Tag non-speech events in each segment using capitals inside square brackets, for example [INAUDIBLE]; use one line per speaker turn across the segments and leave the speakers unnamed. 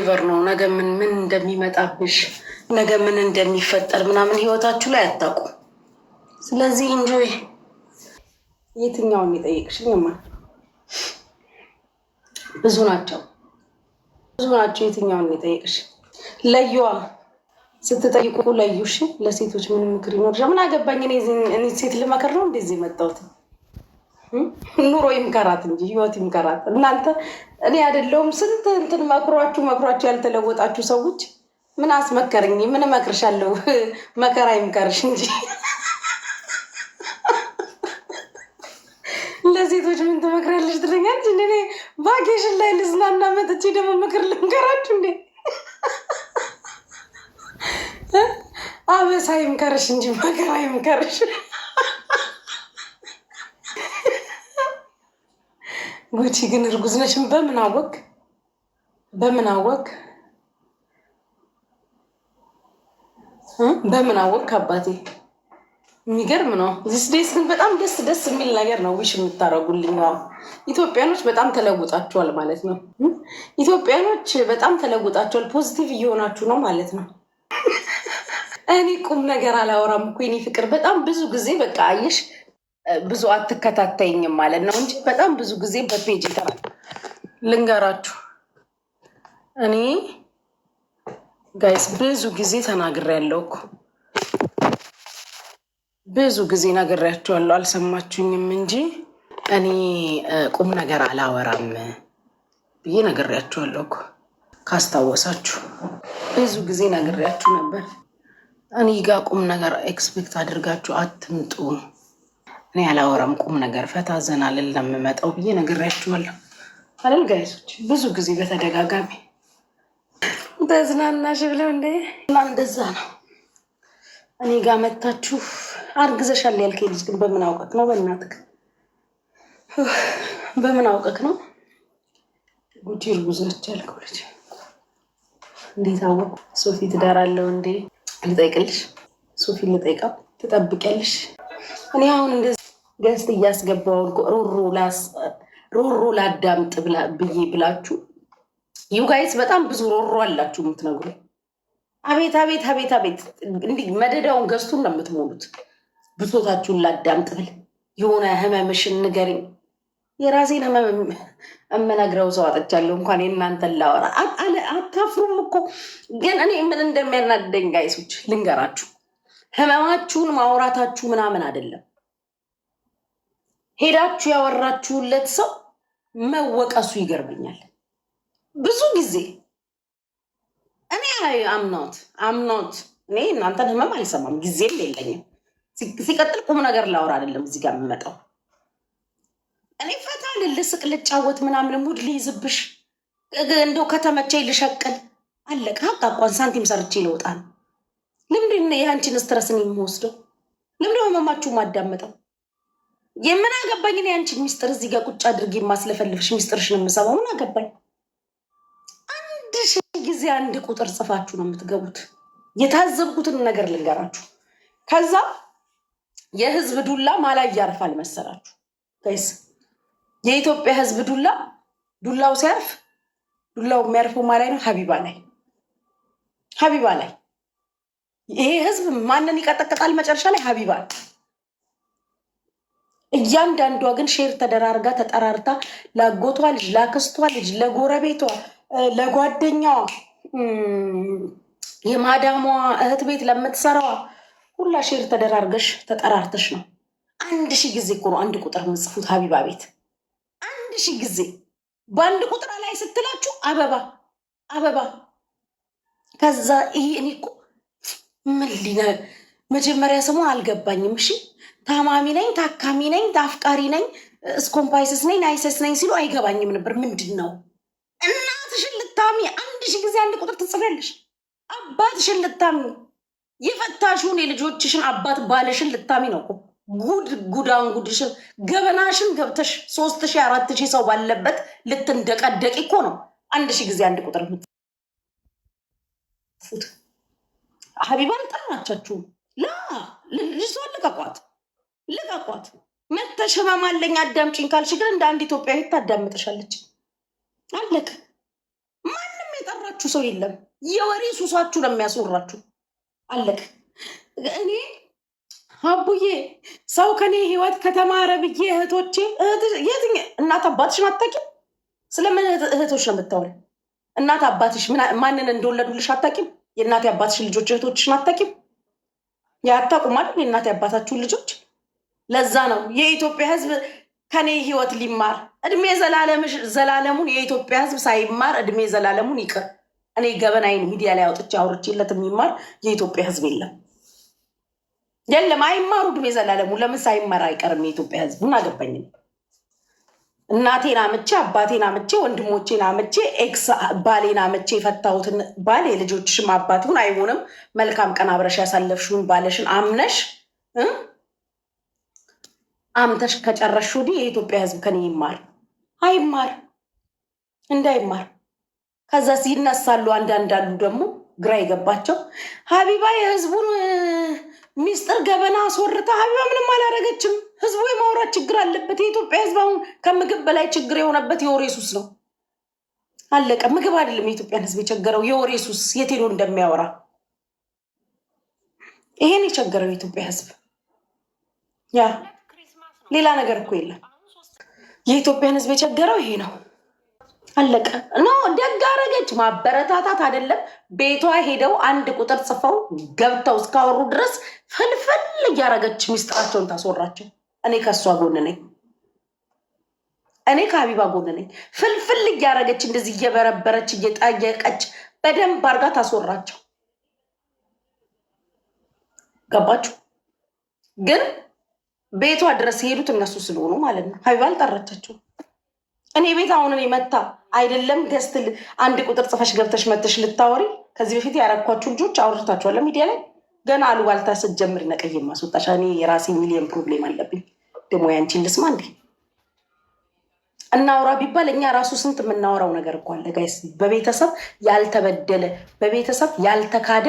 ኔቨር ነው። ነገ ምን ምን እንደሚመጣብሽ ነገ ምን እንደሚፈጠር ምናምን ህይወታችሁ ላይ አታውቁም። ስለዚህ ኢንጆይ። የትኛውን ማ ብዙ ናቸው ብዙ ናቸው። የትኛውን የጠየቅሽ ለየዋ ስትጠይቁ ለዩሽ ለሴቶች ምን ምክር ይኖርሻል? ምን አገባኝ እኔ ሴት ልመከር ነው እንደዚህ የመጣሁት። ኑሮ ይምከራት እንጂ ህይወት ይምከራት። እናንተ እኔ አይደለሁም ስንት እንትን መክሯችሁ መክሯችሁ ያልተለወጣችሁ ሰዎች ምን አስመከርኝ? ምን እመክርሻለሁ? [LAUGHS] መከራ ይምከርሽ እንጂ [LAUGHS] ለሴቶች ምን ትመክሪያለሽ ትለኛለች። እኔ ቫኬሽን ላይ ልዝናና መጥቼ ደግሞ ምክር ልምከራችሁ እንዴ? [LAUGHS] አበሳ ይምከርሽ እንጂ መከራ ይምከርሽ። ጉቺ ግን እርጉዝ ነሽም? በምን አወቅ? በምን አወቅ? በምን አወቅ? አባቴ የሚገርም ነው። ዚስ ዴይስ ግን በጣም ደስ ደስ የሚል ነገር ነው። ዊሽ የምታረጉልኝ ኢትዮጵያኖች በጣም ተለውጣችኋል ማለት ነው። ኢትዮጵያኖች በጣም ተለውጣችኋል። ፖዚቲቭ እየሆናችሁ ነው ማለት ነው። እኔ ቁም ነገር አላወራም እኮ የእኔ ፍቅር በጣም ብዙ ጊዜ በቃ አየሽ ብዙ አትከታተይኝም ማለት ነው እንጂ በጣም ብዙ ጊዜ በፔጅ ይተራ ልንገራችሁ እኔ ጋይስ ብዙ ጊዜ ተናግሬያለሁ እኮ ብዙ ጊዜ ነግሬያችኋለሁ፣ አልሰማችሁኝም እንጂ እኔ ቁም ነገር አላወራም ብዬ ነግሬያችኋለሁ እኮ ካስታወሳችሁ ብዙ ጊዜ ነግሬያችሁ ነበር። እኔ ጋ ቁም ነገር ኤክስፔክት አድርጋችሁ አትምጡ። እኔ ያላወራም ቁም ነገር ፈታ ዘና ልል ለምመጣው ብዬ ነግሬያችኋለሁ አይደል ጋይሶች? ብዙ ጊዜ በተደጋጋሚ ተዝናናሽ ብለው እንደ እና እንደዛ ነው። እኔ ጋር መታችሁ አርግዘሻል ያልከኝ ልጅ ግን በምን አውቀክ ነው? በእናትክ በምን አውቀክ ነው ጉቺ እርጉዝ ነች ያልከው ልጅ እንዴት አወቁ? ሶፊ ትዳር እንዴ? ልጠይቅልሽ? ሶፊ ልጠይቃው? ትጠብቂያለሽ? እኔ አሁን እንደዚህ ገስት እያስገባውን ሮሮ ላዳምጥ ብዬ ብላችሁ ዩጋይስ በጣም ብዙ ሮሮ አላችሁ የምትነግሩ። አቤት አቤት አቤት አቤት! እንዲህ መደዳውን ገዝቱን ነው የምትሞሉት። ብሶታችሁን ላዳምጥ ብል የሆነ ህመምሽን ንገሪኝ። የራሴን ህመም እምነግረው ሰው አጥቻለሁ። እንኳን የእናንተን ላወራ አታፍሩም እኮ። ግን እኔ ምን እንደሚያናደኝ ጋይሶች ልንገራችሁ። ህመማችሁን ማውራታችሁ ምናምን አይደለም ሄዳችሁ ያወራችሁለት ሰው መወቀሱ ይገርመኛል። ብዙ ጊዜ እኔ አምናት አምናት እኔ እናንተን ህመም አልሰማም፣ ጊዜም የለኝም። ሲቀጥል ቁም ነገር ላወራ አይደለም እዚህ ጋር የምመጣው። እኔ ፈታ ልልስቅ ልጫወት ምናምን ሙድ ልይዝብሽ እንደው ከተመቸኝ ልሸቅል አለቀ። አቃቋን ሳንቲም ሰርቼ ይለውጣል። ልምድ ለምንድን የአንቺን ስትረስን የምወስደው? ልምድ ህመማችሁ ማዳመጠው? የምን አገባኝ እኔ አንቺን ሚስጥር እዚህ ጋር ቁጭ አድርጌ የማስለፈልፍሽ ሚስጥርሽን የምሰማው ምን አገባኝ? አንድ ሺህ ጊዜ አንድ ቁጥር ጽፋችሁ ነው የምትገቡት። የታዘብኩትን ነገር ልንገራችሁ። ከዛ የህዝብ ዱላ ማላይ እያርፋል መሰላችሁ ይስ የኢትዮጵያ ህዝብ ዱላ ዱላው ሲያርፍ ዱላው የሚያርፈው ማላይ ነው፣ ሀቢባ ላይ ሀቢባ ላይ። ይሄ ህዝብ ማንን ይቀጠቀጣል መጨረሻ ላይ ሀቢባ እያንዳንዷ ግን ሼር ተደራርጋ ተጠራርታ ላጎቷ ልጅ፣ ላክስቷ ልጅ፣ ለጎረቤቷ፣ ለጓደኛዋ፣ የማዳሟ እህት ቤት ለምትሰራዋ ሁላ ሼር ተደራርገሽ ተጠራርተሽ ነው። አንድ ሺህ ጊዜ እኮ ነው አንድ ቁጥር ምጽፉት ሀቢባ ቤት አንድ ሺህ ጊዜ በአንድ ቁጥር ላይ ስትላችሁ አበባ አበባ ከዛ ይሄ እኔ እኮ ምን ሊነ መጀመሪያ ስሙን አልገባኝም። እሺ ታማሚ ነኝ፣ ታካሚ ነኝ፣ ዳፍቃሪ ነኝ፣ እስኮምፓይሰስ ነኝ፣ ናይሰስ ነኝ ሲሉ አይገባኝም ነበር። ምንድን ነው እናትሽን ልታሚ አንድ ሺ ጊዜ አንድ ቁጥር ትጽፍያለሽ። አባትሽን ልታሚ የፈታሽውን የልጆችሽን አባት ባለሽን ልታሚ ነው እኮ ጉድ ጉዳን ጉድሽን ገበናሽን ገብተሽ ሶስት ሺ አራት ሺ ሰው ባለበት ልትንደቀደቂ እኮ ነው። አንድ ሺ ጊዜ አንድ ቁጥር ፉት ሀቢባን ጠናቻችሁ ላ ልጅ ሰው አለቀቋት። ልቀቋት። መተሽ ህመማለኝ አዳምጪኝ ካልሽ ግን እንደ አንድ ኢትዮጵያዊት ታዳምጥሻለች። አለክ ማንም የጠራችሁ ሰው የለም። የወሬ ሱሳችሁ ነው የሚያስወራችሁ። አለክ እኔ አቡዬ ሰው ከኔ ህይወት ከተማረ ብዬ እህቶቼ የትኛ እናት አባትሽን አታውቂም። ስለምን እህቶች ነው የምታወሪው? እናት አባትሽ ማንን እንደወለዱልሽ አታውቂም። የእናት አባትሽን ልጆች እህቶችሽን አታውቂም። የአታውቁም አይደል? የእናት አባታችሁን ልጆች ለዛ ነው የኢትዮጵያ ህዝብ ከኔ ህይወት ሊማር እድሜ ዘላለሙን የኢትዮጵያ ህዝብ ሳይማር እድሜ ዘላለሙን ይቅር። እኔ ገበናይን ሚዲያ ላይ አውጥቼ አውርቼለት የሚማር የኢትዮጵያ ህዝብ የለም የለም። አይማሩ እድሜ ዘላለሙ። ለምን ሳይማር አይቀርም የኢትዮጵያ ህዝብ ምን አገባኝም። እናቴን አምቼ አባቴን አምቼ ወንድሞቼን አምቼ ኤክስ ባሌን አምቼ የፈታሁትን ባል የልጆችሽም አባት ይሁን አይሆንም፣ መልካም ቀን አብረሽ ያሳለፍሽውን ባለሽን አምነሽ አምተሽ ከጨረሽ ወዲህ የኢትዮጵያ ህዝብ ከኔ ይማር አይማር እንዳይማር። ከዛ ይነሳሉ። አንዳንድ አሉ ደግሞ ግራ የገባቸው ሀቢባ የህዝቡን ሚስጥር ገበና አስወርታ፣ ሀቢባ ምንም አላደረገችም። ህዝቡ የማውራት ችግር አለበት። የኢትዮጵያ ህዝብ አሁን ከምግብ በላይ ችግር የሆነበት የወሬ ሱስ ነው። አለቀ። ምግብ አይደለም የኢትዮጵያን ህዝብ የቸገረው የወሬ ሱስ፣ የት ሄዶ እንደሚያወራ ይሄን የቸገረው የኢትዮጵያ ህዝብ። ያ ሌላ ነገር እኮ የለም። የኢትዮጵያን ህዝብ የቸገረው ይሄ ነው። አለቀ። ኖ ደግ አደረገች። ማበረታታት አይደለም። ቤቷ ሄደው አንድ ቁጥር ጽፈው ገብተው እስካወሩ ድረስ ፍልፍል እያደረገች ሚስጥራቸውን ታስወራቸው። እኔ ከእሷ ጎን ነኝ። እኔ ከሀቢባ ጎን ነኝ። ፍልፍል እያደረገች እንደዚህ እየበረበረች እየጠየቀች በደንብ አድርጋ ታስወራቸው። ገባችሁ ግን ቤቷ ድረስ የሄዱት እነሱ ስለሆኑ ማለት ነው። ሀቢባ አልጠራቻቸው። እኔ ቤት አሁን እኔ መታ አይደለም ገስት አንድ ቁጥር ጽፈሽ ገብተሽ መተሽ ልታወሪ ከዚህ በፊት ያረኳችሁ ልጆች አውርታችኋል ሚዲያ ላይ ገና አሉባልታ ስትጀምር ነቀይ ማስወጣሻ። እኔ የራሴ ሚሊየን ፕሮብሌም አለብኝ። ደግሞ ያንቺን ልስማ እንዴ እናውራ ቢባል እኛ ራሱ ስንት የምናወራው ነገር እኮ አለ ጋይስ። በቤተሰብ ያልተበደለ በቤተሰብ ያልተካደ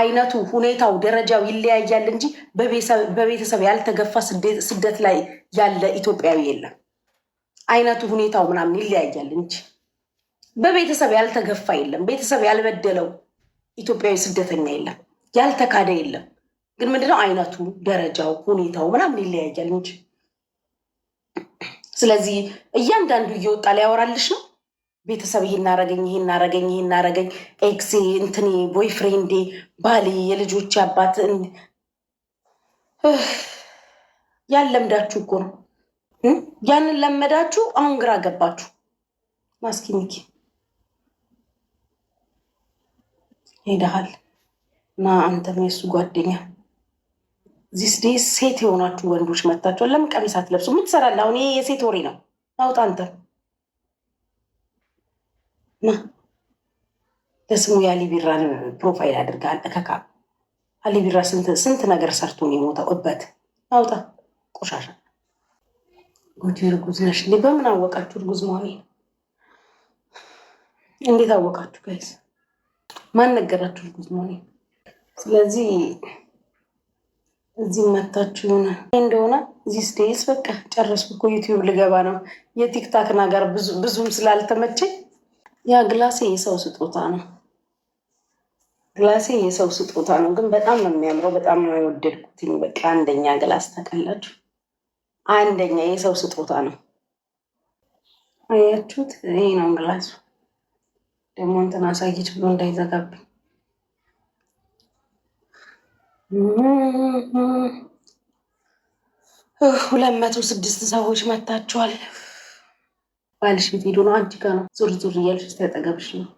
አይነቱ ሁኔታው ደረጃው ይለያያል እንጂ በቤተሰብ ያልተገፋ ስደት ላይ ያለ ኢትዮጵያዊ የለም። አይነቱ ሁኔታው ምናምን ይለያያል እንጂ በቤተሰብ ያልተገፋ የለም። ቤተሰብ ያልበደለው ኢትዮጵያዊ ስደተኛ የለም፣ ያልተካደ የለም። ግን ምንድነው አይነቱ ደረጃው ሁኔታው ምናምን ይለያያል እንጂ ስለዚህ እያንዳንዱ እየወጣ ሊያወራልሽ ነው። ቤተሰብ ይሄ እናረገኝ ይሄ እናረገኝ ይሄ እናረገኝ ኤክሴ እንትኔ፣ ቦይፍሬንዴ፣ ባሌ፣ የልጆች አባት ያን ለምዳችሁ እኮ ነው። ያንን ለመዳችሁ። አሁን ግራ ገባችሁ። ማስኪ ሚኪ ሄደሃል እና አንተም የሱ ጓደኛ ዚስ ዴ ሴት የሆናችሁ ወንዶች መታችኋል። ለምን ቀሚስ አትለብሱ? ምን ትሰራለህ አሁን? ይሄ የሴት ወሬ ነው። አውጣ አንተም ና ለስሙ የአሊ ቢራን ፕሮፋይል አድርገሃል። እከካ አሊ ቢራ ስንት ነገር ሰርቶ ነው የሞተው እበት አውጣ ቆሻሻ ጎጂ እርጉዝ ነሽ እንዴ? በምን አወቃችሁ እርጉዝ መሆኔ? እንዴት አወቃችሁ ጋይስ? ማን ነገራችሁ እርጉዝ መሆኔ? ስለዚህ እዚህ መታችሁ ሆነ እንደሆነ እዚህ ስደይስ በቃ ጨረስኩ እኮ ዩቲዩብ ልገባ ነው። የቲክታክን ሀገር ብዙም ስላልተመቸኝ ያ ግላሴ የሰው ስጦታ ነው። ግላሴ የሰው ስጦታ ነው፣ ግን በጣም ነው የሚያምረው። በጣም ነው የወደድኩትኝ። በቃ አንደኛ ግላስ ታውቃላችሁ፣ አንደኛ የሰው ስጦታ ነው። አያችሁት? ይሄ ነው ግላሱ። ደግሞ እንትን አሳየች ብሎ እንዳይዘጋብኝ ሁለት መቶ ስድስት ሰዎች መታችኋል። ባልሽ ቤት ሄዶ ነው አንቺ ጋ ነው ዙር ዙር እያልሽ ስተጠገብሽ ነው።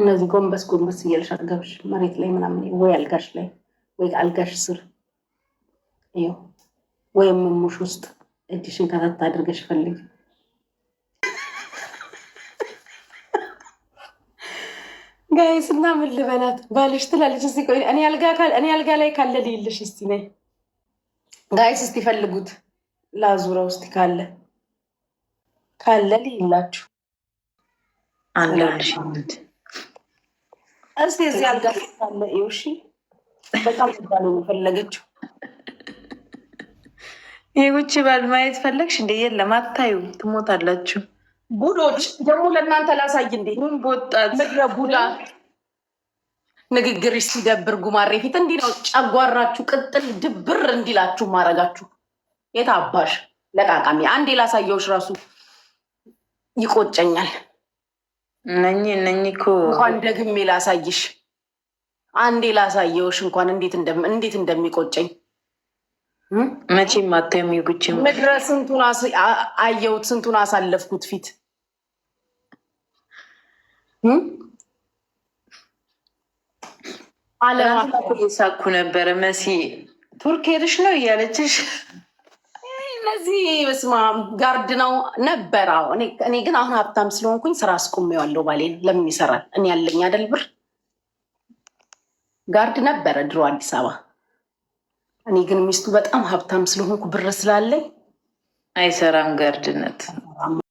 እነዚህ ጎንበስ ጎንበስ እያልሽ አጠገብሽ መሬት ላይ ምናምን ወይ አልጋሽ ላይ ወይ አልጋሽ ስር ይኸው ወይም ሙሽ ውስጥ እጅሽን ከታት አድርገሽ ፈልግ። ጋይስ እና ምን ልበላት ባልሽ ትላለች። እስቲ ቆይ እኔ አልጋ ላይ ካለ ልይልሽ። እስቲ ነይ ጋይስ፣ እስቲ ፈልጉት ላዙራ ውስጥ ካለ ካለ ሌላችሁ አንድ እስቲ እዚህ አልጋ ካለ ሺ በጣም ባለ የፈለገችው
የጉቺ ባል ማየት ፈለግሽ እንደ የለም፣ አታዩ ትሞታላችሁ።
ቡዶች ደግሞ ለእናንተ ላሳይ እንዴ
ምን በወጣት
ምድረ ቡዳ ንግግር ሲደብር ጉማሬ ፊት እንዲህ ነው። ጨጓራችሁ ቅጥል ድብር እንዲላችሁ ማረጋችሁ የታባሽ ለቃቃሚ አንዴ ላሳየውሽ ራሱ ይቆጨኛል።
እነኚህ እነኚህ እኮ
እንኳን ደግሜ ላሳይሽ አንዴ ላሳየውሽ እንኳን እንዴት እንደሚቆጨኝ
መቼም ማታ የሚጉች
ምድረ ስንቱን አየሁት፣ ስንቱን አሳለፍኩት ፊት
አለማሳኩ ነበረ። መሲ ቱርክ ሄድሽ ነው እያለችሽ
ስለዚህ በስመ አብ ጋርድ ነው ነበር። እኔ ግን አሁን ሀብታም ስለሆንኩኝ ስራ አስቆሜዋለሁ። ባሌን ለምን ይሰራል? እኔ ያለኝ አይደል ብር። ጋርድ ነበረ ድሮ አዲስ አበባ። እኔ ግን ሚስቱ በጣም ሀብታም ስለሆንኩ ብር ስላለኝ
አይሰራም ጋርድነት